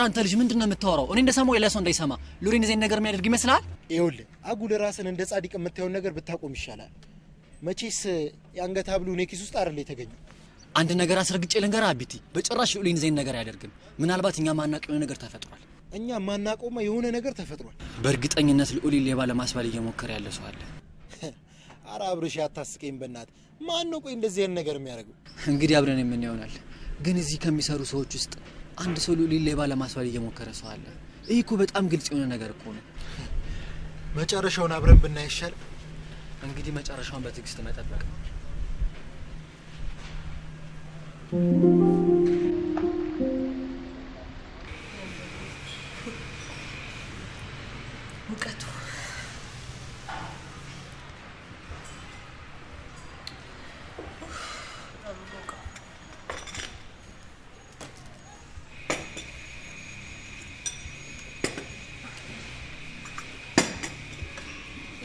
አንተ ልጅ ምንድን ነው የምታወራው? እኔ እንደሰማው ሌላ ሰው እንዳይሰማ ሎሬን ዜን ነገር የሚያደርግ ይመስላል? ይኸውልህ አጉል ራስን እንደ ጻድቅ የምታየውን ነገር ብታቆም ይሻላል። መቼስ የአንገት ሐብሉ እኔ ኪስ ውስጥ አይደል የተገኘ። አንድ ነገር አስረግጬ ልንገር አቢቲ፣ በጭራሽ ሎሬን ዜን ነገር አያደርግም። ምናልባት እኛ ማናቅ የሆነ ነገር ተፈጥሯል። እኛ ማናቆማ የሆነ ነገር ተፈጥሯል። በእርግጠኝነት ልዑል ሌባ ለማስባል እየሞከረ ያለ ሰው አለ። ኧረ አብርሽ አታስቀኝ በእናትህ። ማን ነው ቆይ እንደዚህ አይነት ነገር የሚያደርገው? እንግዲህ አብረን የምን ይሆናል። ግን እዚህ ከሚሰሩ ሰዎች ውስጥ አንድ ሰው ሉሊን ሌባ ለማስባል እየሞከረ ሰው አለ። ይህ እኮ በጣም ግልጽ የሆነ ነገር እኮ ነው። መጨረሻውን አብረን ብናይሻል እንግዲህ መጨረሻውን በትዕግስት መጠበቅ ነው።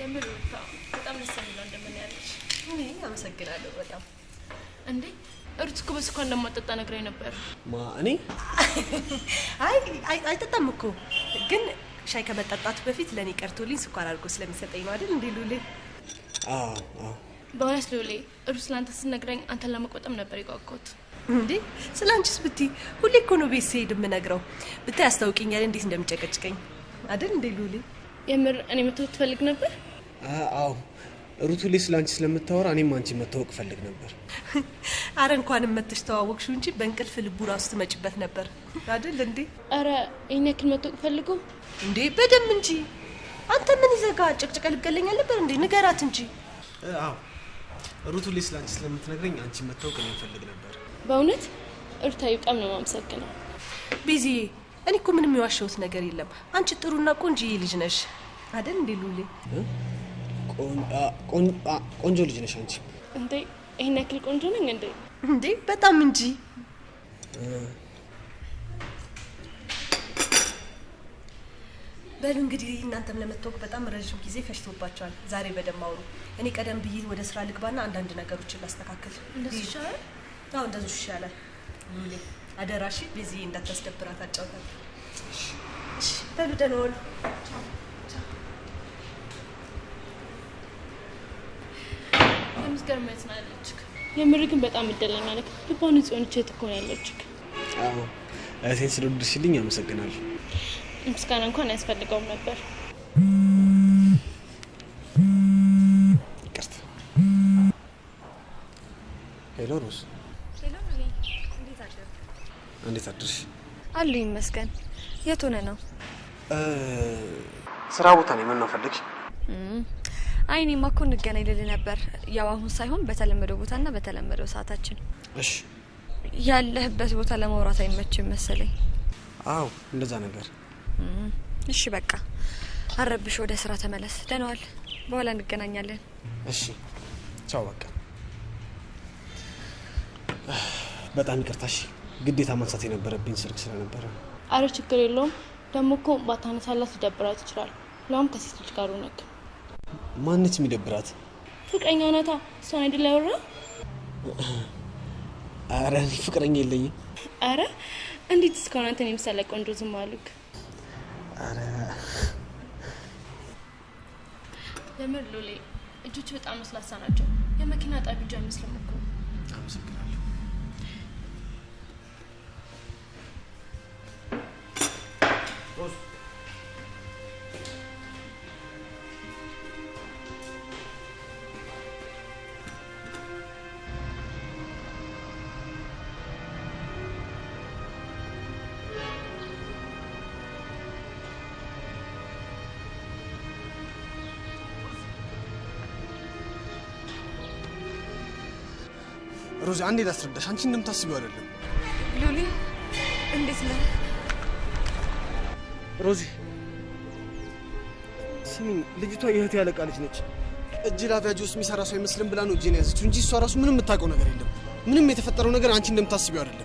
የምር በጣም ደስ የሚለው እንደምን ያለች። አመሰግናለሁ በጣም እንዴ። እርት እኮ በስኳር እንደማጠጣ ነግራኝ ነበር። ማ እኔ? አይ አይጠጣም እኮ ግን ሻይ ከመጠጣቱ በፊት ለእኔ ቀርቶልኝ ስኳር አድርጎ ስለሚሰጠኝ ነው አይደል እንዴ ሉሌ? በእውነት ሉሌ፣ እርሱ ስለአንተ ስትነግረኝ አንተን ለመቆጠም ነበር የጓጓሁት። እንዴ ስለ አንቺስ ብትይ ሁሌ እኮ ነው ቤት ስሄድ የምነግረው። ብታይ ያስታውቂኛል እንዴት እንደሚጨቀጭቀኝ አይደል እንዴ ሉሌ? የምር እኔ መተው ትፈልግ ነበር? አዎ ሩቱ ላይ ስለ አንቺ ስለምታወራ እኔም አንቺ መታወቅ ፈልግ ነበር። አረ እንኳንም መተሽ ተዋወቅሽው እንጂ በእንቅልፍ ልቡ ራሱ ትመጭበት ነበር አይደል እንዴ? አረ ይህን ያክል መታወቅ ፈልጉ እንዴ? በደም እንጂ አንተ ምን ይዘጋ ጭቅጭቀ ልገለኛል ነበር እንዴ? ንገራት እንጂ። አዎ ሩቱ ላይ ስለ አንቺ ስለምትነግረኝ አንቺ መታወቅ እኔም ፈልግ ነበር። በእውነት እርታ በጣም ነው የማመሰግነው። ቢዚ እኔ እኮ ምንም የዋሸሁት ነገር የለም። አንቺ ጥሩና ቆንጆ ልጅ ነሽ አይደል እንዴ ሉሌ? ቆንጆ ልጅ ነሽ አንቺ። እንዴ ይህን ያክል ቆንጆ ነኝ እንዴ? እንዴ በጣም እንጂ። በሉ እንግዲህ እናንተም ለመታወቅ በጣም ረዥም ጊዜ ፈጅቶባቸዋል። ዛሬ በደም አውሩ። እኔ ቀደም ብዬ ወደ ስራ ልግባና አንዳንድ ነገሮችን ላስተካክል። እንደዚህ ይሻላል። አዎ እንደዚህ ይሻላል። ሉሌ አደራሽ ቤዚ እንዳታስደብራት አጫውታል። በሉ ደህና ዋሉ። ምስጋር መጽናለች። የምር ግን በጣም እድለኛ ነህ። ልቧ ንጹህ ነች እኮ ነው ያለችህ። አዎ እህቴን ስለወደድሽልኝ አመሰግናለሁ። ምስጋና እንኳን አያስፈልገውም ነበር። ይቅርታ። ሄሎ ሮዝ፣ እንዴት አደርሽ? አሉ ይመስገን። የት ሆነ ነው? ስራ ቦታ ነው። ምን ነው ፈልግሽ? አይ እኔማ እኮ እንገናኝ ልል ነበር። ያው አሁን ሳይሆን በተለመደው ቦታና በተለመደው ሰዓታችን። እሺ ያለህበት ቦታ ለማውራት አይመችም መሰለኝ። አዎ እንደዛ ነገር። እሺ በቃ አረብሽ፣ ወደ ስራ ተመለስ። ደህናዋል። በኋላ እንገናኛለን። እሺ ቻው። በቃ በጣም ይቅርታሽ፣ ግዴታ ማንሳት የነበረብኝ ስልክ ስለነበረ። አረ ችግር የለውም። ደግሞ እኮ ባታነሳላት ይደብራት ይችላል። ለውም ከሴት ልጅ ጋር ነክ ማነች የሚደብራት? ፍቅረኛ ነታ። እሷን አይደል ያወራ? አረ ፍቅረኛ የለኝም። አረ እንዴት እስካሁን አንተን የምሳለ ቆንጆ ዝም አሉክ? አረ ለምን ሎሌ እጆች በጣም ለስላሳ ናቸው። የመኪና ጣቢያ አይመስልም። ሮዚ አንዴ ላስረዳሽ፣ አንቺ እንደምታስቢው አይደለም። ሉሊ እንዴት ነ ሮዚ ስሚኝ፣ ልጅቷ የእህቴ ያለቃ ልጅ ነች። እጅ ላፊያጅ ውስጥ የሚሰራ ሰው አይመስልም ብላ ነው እጄን ያዘችው እንጂ እሷ ራሱ ምንም የምታውቀው ነገር የለም። ምንም የተፈጠረው ነገር አንቺ እንደምታስቢው አይደለም።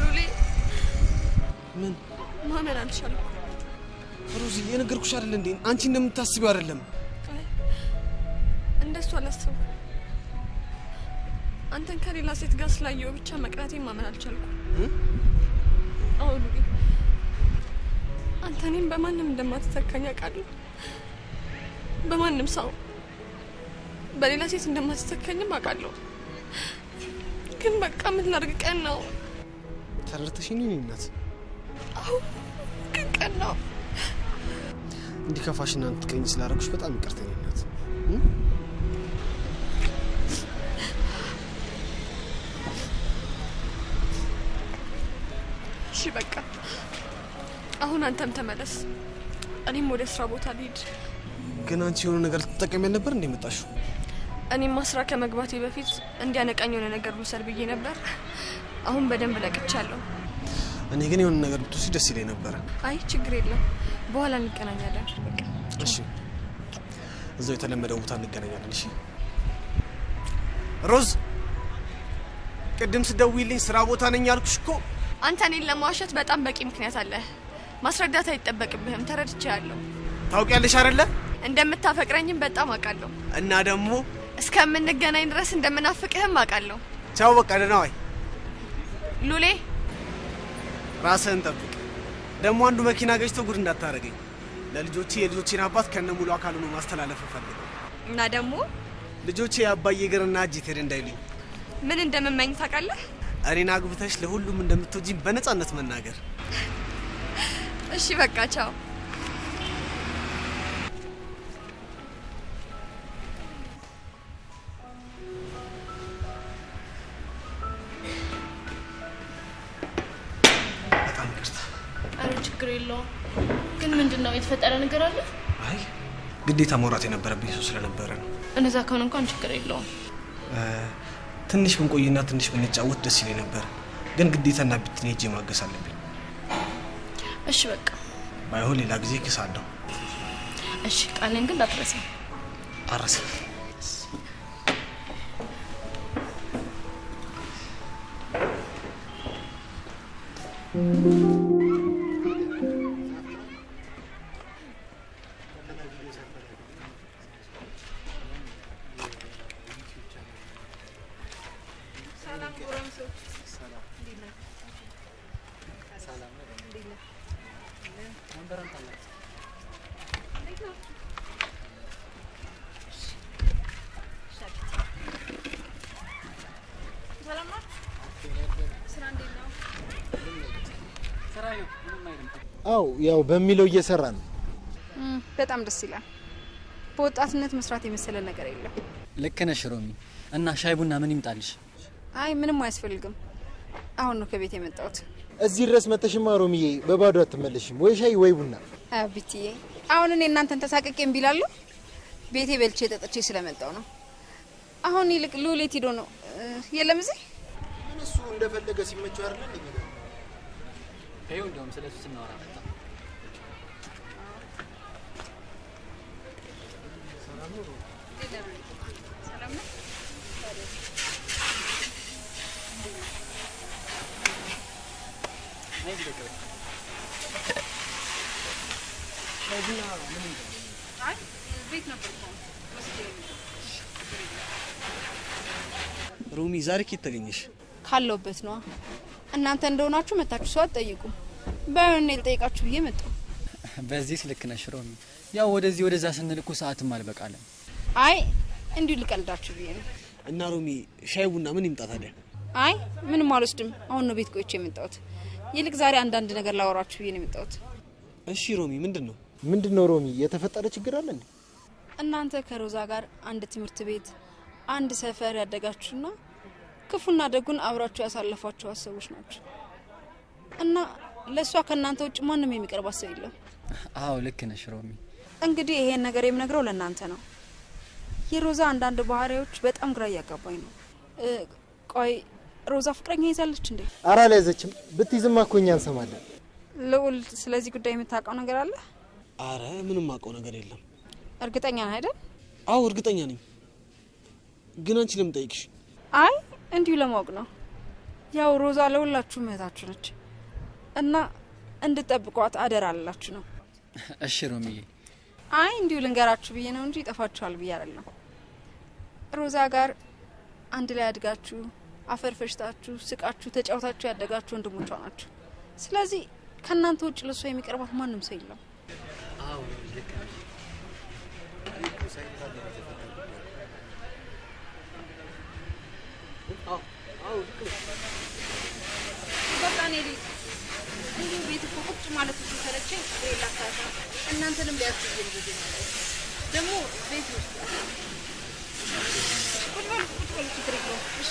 ሉሊ ምን ማመን አልቻለ ሮዚ የነገርኩሽ አይደል እንዴ? አንቺ እንደምታስቢው አይደለም። እንደሱ አላሰብኩም። አንተን ከሌላ ሴት ጋር ስላየው ብቻ መቅናቴ ማመን አልቻልኩም። አሁን አንተ እኔም በማንም እንደማትተካኝ አውቃለሁ። በማንም ሰው በሌላ ሴት እንደማትተካኝም አውቃለሁ። ግን በቃ ምን ላድርግ? ቀን ነው። ተረድተሽኝ ነው እናት። አዎ፣ ግን ቀን ነው። እንዲከፋሽና እንድትቀኝ ስላደረኩሽ በጣም ይቅርተኝ እናት። በቃ አሁን አንተም ተመለስ፣ እኔም ወደ ስራ ቦታ ልሂድ። ግን አንቺ የሆነ ነገር ልትጠቀሚ ነበር እንዴ የመጣሽው? እኔም ስራ ከመግባቴ በፊት እንዲያነቃኝ የሆነ ነገር ልውሰድ ብዬ ነበር። አሁን በደንብ ነቅቻለሁ። እኔ ግን የሆነ ነገር ብትወስጂ ደስ ይለኝ ነበረ። አይ ችግር የለም፣ በኋላ እንገናኛለን። እሺ፣ እዛው የተለመደው ቦታ እንገናኛለን። እሺ ሮዝ፣ ቅድም ስደውይልኝ ስራ ቦታ ነኝ አልኩሽ እኮ አንተ እኔን ለመዋሸት በጣም በቂ ምክንያት አለ ማስረዳት አይጠበቅብህም። ተረድቻለሁ። ታውቂያለሽ አይደለ? እንደምታፈቅረኝም በጣም አውቃለሁ። እና ደግሞ እስከምንገናኝ ድረስ እንደምናፍቅህም አውቃለሁ። ቻው፣ በቃ ደህና ዋይ ሉሌ። ራስህን ጠብቅ። ደግሞ አንዱ መኪና ገጭቶ ጉድ እንዳታደርገኝ። ለልጆቼ የልጆቼን አባት ከነ ሙሉ አካሉ ነው ማስተላለፍ እፈልግ እና ደግሞ ልጆቼ የአባዬ እግርና እጅ ትሄድ እንዳይሉኝ ምን እንደምመኝ ታውቃለህ? እኔን አግብተሽ ለሁሉም እንደምትወጂኝ በነጻነት መናገር። እሺ በቃ ቻው። ችግር የለውም። ግን ምንድን ነው የተፈጠረ ነገር አለ? አይ ግዴታ መውራት የነበረብኝ ሰው ስለነበረ ነው። እነዛ ከሆነ እንኳን ችግር የለውም። ትንሽ ብንቆይና ትንሽ ብንጫወት ደስ ይለኝ ነበር፣ ግን ግዴታና ብትን ሄጄ ማገስ አለብኝ። እሺ በቃ ባይሆን ሌላ ጊዜ ክሳለሁ። እሺ ቃሌን ግን ላትረሳ። አረሰ Thank mm -hmm. you. አው ያው በሚለው እየሰራ ነው። በጣም ደስ ይላል። በወጣትነት መስራት የመሰለ ነገር የለም። ልክ ነሽ ሮሚ። እና ሻይ ቡና ምን ይምጣልሽ? አይ ምንም አያስፈልግም። አሁን ነው ከቤት የመጣሁት። እዚህ ድረስ መተሽማ ሮምዬ በባዶ አትመለሽም ወይ ሻይ ወይ ቡና። ብትዬ አሁን እኔ እናንተን ተሳቅቄ እምቢ እላለሁ። ቤቴ በልቼ ጠጥቼ ስለመጣሁ ነው። አሁን ይልቅ ልውሌት ሂዶ ነው የለም እዚህ እሱ እንደፈለገ ሲመቸው አይደለ ይኸው እንደውም ስለ እሱ ስናወራ መጣ። ሰላም ነው ሩሚ ዛሬ ኬት ተገኘሽ? ካለውበት ነዋ። እናንተ እንደሆናችሁ መታችሁ ሰው አትጠይቁም። በእኔ ልጠይቃችሁ ብዬ መጣሁ። በዚህ ልክ ነሽ ሮሚ። ያው ወደዚህ ወደዛ ስንልኩ ሰዓትም አልበቃለም። አይ እንዲሁ ልቀልዳችሁ ብዬ ነው። እና ሮሚ ሻይ ቡና ምን ይምጣ ታዲያ? አይ ምንም አልወስድም። አሁን ነው ቤት ቆይቼ የመጣሁት። ይልቅ ዛሬ አንዳንድ ነገር ላወራችሁ ብዬ ነው የመጣሁት። እሺ ሮሚ፣ ምንድን ነው ምንድን ነው ሮሚ? የተፈጠረ ችግር አለ እንዴ? እናንተ ከሮዛ ጋር አንድ ትምህርት ቤት አንድ ሰፈር ያደጋችሁና ክፉና ደጉን አብራችሁ ያሳለፏችሁ ሰዎች ናችሁ እና ለእሷ ከእናንተ ውጭ ማንም የሚቀርብ ሰው የለም። አዎ ልክ ነሽ ሮሚ። እንግዲህ ይሄን ነገር የምነግረው ለእናንተ ነው። የሮዛ አንዳንድ ባህሪዎች በጣም ግራ እያጋባኝ ነው። ቆይ ሮዛ ፍቅረኛ ይዛለች እንዴ? አራ አልያዘችም። ብትይዝም እኮ እኛ እንሰማለን። ልዑል፣ ስለዚህ ጉዳይ የምታውቀው ነገር አለ? አረ ምንም አውቀው ነገር የለም። እርግጠኛ ነህ አይደል? አዎ እርግጠኛ ነኝ። ግን አንቺ ለምን ጠይቅሽ? አይ እንዲሁ ለማወቅ ነው። ያው ሮዛ ለሁላችሁ እህታችሁ ነች እና እንድጠብቋት አደራ አላችሁ ነው። እሺ ሮሚዬ። አይ እንዲሁ ልንገራችሁ ብዬ ነው እንጂ ይጠፋችኋል ብዬ አይደለም። ሮዛ ጋር አንድ ላይ አድጋችሁ አፈር ፈሽታችሁ ስቃችሁ ተጫውታችሁ ያደጋችሁ ወንድሞቿ ናችሁ። ስለዚህ ከእናንተ ውጭ ለሷ የሚቀርባት ማንም ሰው የለም። በቃ እንዲሁ ቤት እኮ ቁጭ ማለት ሰለቸኝ። እናንተንም ሊያስብ ደግሞ ቤት ውስጥ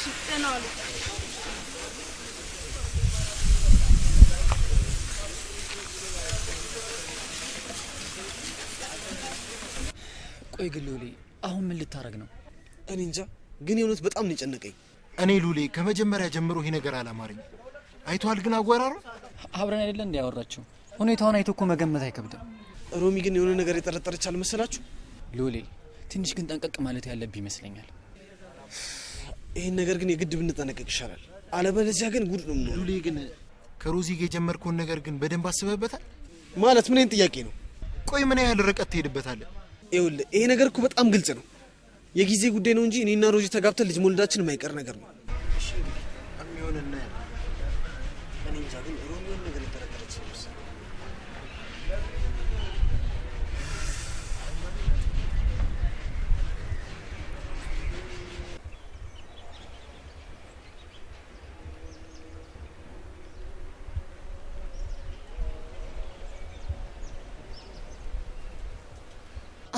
ሽጥ ቆይ ግን ሉሌ አሁን ምን ልታረግ ነው? እኔ እንጃ፣ ግን የእውነት በጣም ነው የጨነቀኝ። እኔ ሉሌ ከመጀመሪያ ጀምሮ ይሄ ነገር አላማረኝ። አይተዋል ግን አወራሩ አብረን አይደለን እንዲ ያወራችሁ ሁኔታውን አይቶ እኮ መገመት አይከብድም። ሮሚ ግን የሆነ ነገር የጠረጠረች አልመሰላችሁ? ሉሌ ትንሽ ግን ጠንቀቅ ማለት ያለብህ ይመስለኛል። ይህን ነገር ግን የግድ ብንጠነቀቅ ይሻላል። አለበለዚያ ግን ጉድ ነው ምንሆ። ሉሌ ግን ከሮዚ ጋ የጀመርከውን ነገር ግን በደንብ አስበህበታል? ማለት ምን ጥያቄ ነው? ቆይ ምን ያህል ርቀት ትሄድበታለህ? ይኸውልህ ይሄ ነገር እኮ በጣም ግልጽ ነው። የጊዜ ጉዳይ ነው እንጂ እኔና ሮዚ ተጋብተን ልጅ መውለዳችን የማይቀር ነገር ነው።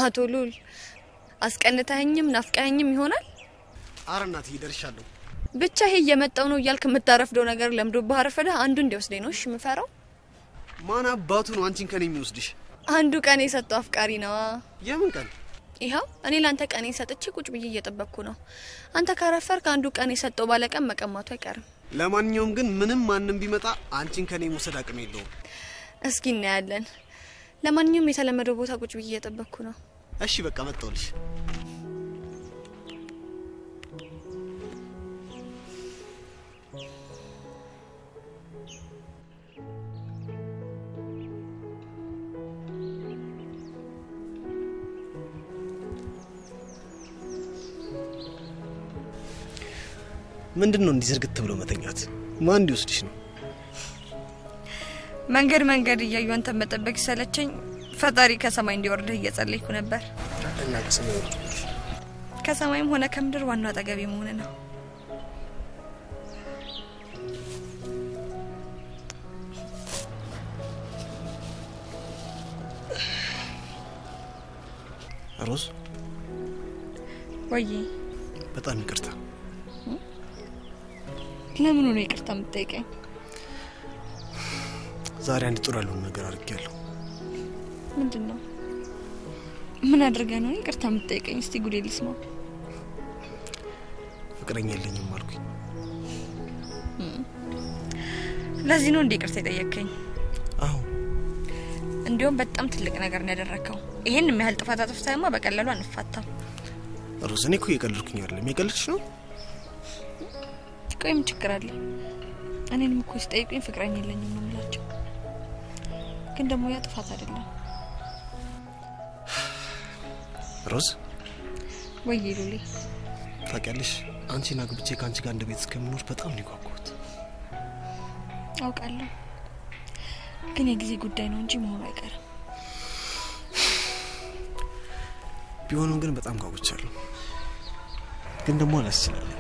አቶ ሉል አስቀንተኸኝም ናፍቀኸኝም ይሆናል። አረ እናትዬ ብቻ ይሄ እየመጣው ነው እያልክ የምታረፍደው ነገር ለምዶ አረፈደህ። አንዱ እንዲወስደኝ ነው እሺ የምፈራው። ማን አባቱ ነው አንቺን ከኔ የሚወስድሽ? አንዱ ቀን የሰጠው አፍቃሪ ነዋ። የምን ቀን? ይኸው እኔ ለአንተ ቀን ሰጥቼ ቁጭ ብዬ እየጠበቅኩ ነው። አንተ ካረፈርክ አንዱ ቀን የሰጠው ባለቀን መቀማቱ አይቀርም። ለማንኛውም ግን ምንም ማንም ቢመጣ አንቺን ከኔ መውሰድ አቅም የለውም። እስኪ እናያለን። ለማንኛውም የተለመደው ቦታ ቁጭ ብዬ እየጠበቅኩ ነው። እሺ በቃ መጣሁልሽ። ምንድን ነው እንዲህ ዝርግት ብሎ መተኛት? ማን እንዲወስድሽ ነው? መንገድ መንገድ እያዩ አንተን መጠበቅ ሰለቸኝ። ፈጣሪ ከሰማይ እንዲወርድህ እየጸለይኩ ነበር። ከሰማይም ሆነ ከምድር ዋናው አጠገቤ መሆን ነው። ሮዝ ወይ በጣም ይቅርታ። ለምን ሆነ ይቅርታ የምትጠይቀኝ? ዛሬ አንድ ጥሩ ያለውን ነገር አድርጌያለሁ። ምንድን ነው? ምን አድርገ ነው ይቅርታ የምትጠይቀኝ? እስቲ ጉዴ ልስማ። ፍቅረኛ የለኝም አልኩኝ። ለዚህ ነው እንዴ ይቅርታ የጠየቀኝ? አዎ። እንዲሁም በጣም ትልቅ ነገር ነው ያደረግከው። ይሄን የሚያህል ጥፋት አጥፍተህማ በቀላሉ አንፋታም። ሮዝ፣ እኔ እኮ እየቀለድኩኝ አይደለም። የቀለድሽ ነው። ቆይ ምን ችግር አለ? እኔንም እኮ ሲጠይቁኝ ፍቅረኛ የለኝም ነው ግን ደግሞ ያ ጥፋት አይደለም። ሮዝ ወይ ሉሌ ታውቂያለሽ፣ አንቺን አግብቼ ከአንቺ ጋር እንደ ቤት እስከምኖር በጣም ሊጓጓት አውቃለሁ፣ ግን የጊዜ ጉዳይ ነው እንጂ መሆኑ አይቀርም። ቢሆንም ግን በጣም ጓጉቻለሁ፣ ግን ደግሞ አላስችላለን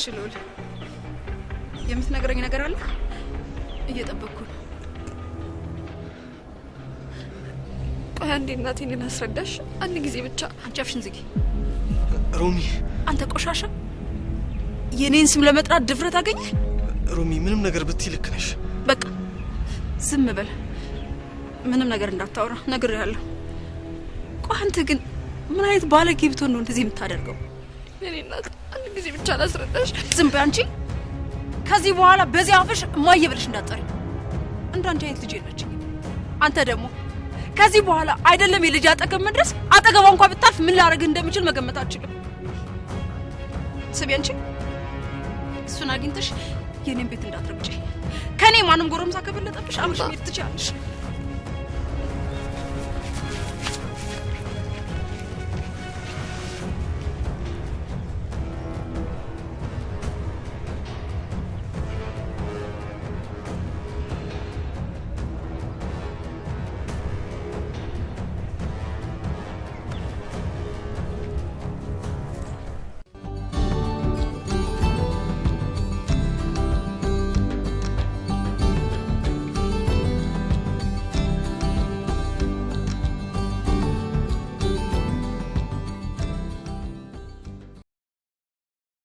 እሺ የምትነግረኝ ነገር አለ? እየጠበቅኩ ቆይ አንዴ እናቴን ልናስረዳሽ፣ አንድ ጊዜ ብቻ። አንቺ አፍሽን ዝጊ ሮሚ። አንተ ቆሻሻ፣ የእኔን ስም ለመጥራት ድፍረት አገኘ? ሮሚ፣ ምንም ነገር ብትይ ልክ ነሽ። በቃ ዝም በል፣ ምንም ነገር እንዳታወራ ነግሬሃለሁ። ቆይ አንተ ግን ምን አይነት ባለጌ ብትሆን ነው እንደዚህ የምታደርገው? የኔ እናት ጊዜ ብቻ ላስረዳሽ። ዝም በይ አንቺ። ከዚህ በኋላ በዚህ አፍሽ እማዬ ብለሽ እንዳትጠሪ። እንዳንቺ አይነት ልጅ የለች። አንተ ደግሞ ከዚህ በኋላ አይደለም የልጅ አጠገብ መድረስ፣ አጠገቧ እንኳ ብታልፍ ምን ላደርግህ እንደምችል መገመት አልችልም። ስሚ አንቺ እሱን አግኝተሽ የኔን ቤት እንዳትረብጭ። ከኔ ማንም ጎረምሳ ከበለጠብሽ አብረሽ መሄድ ትችላለሽ።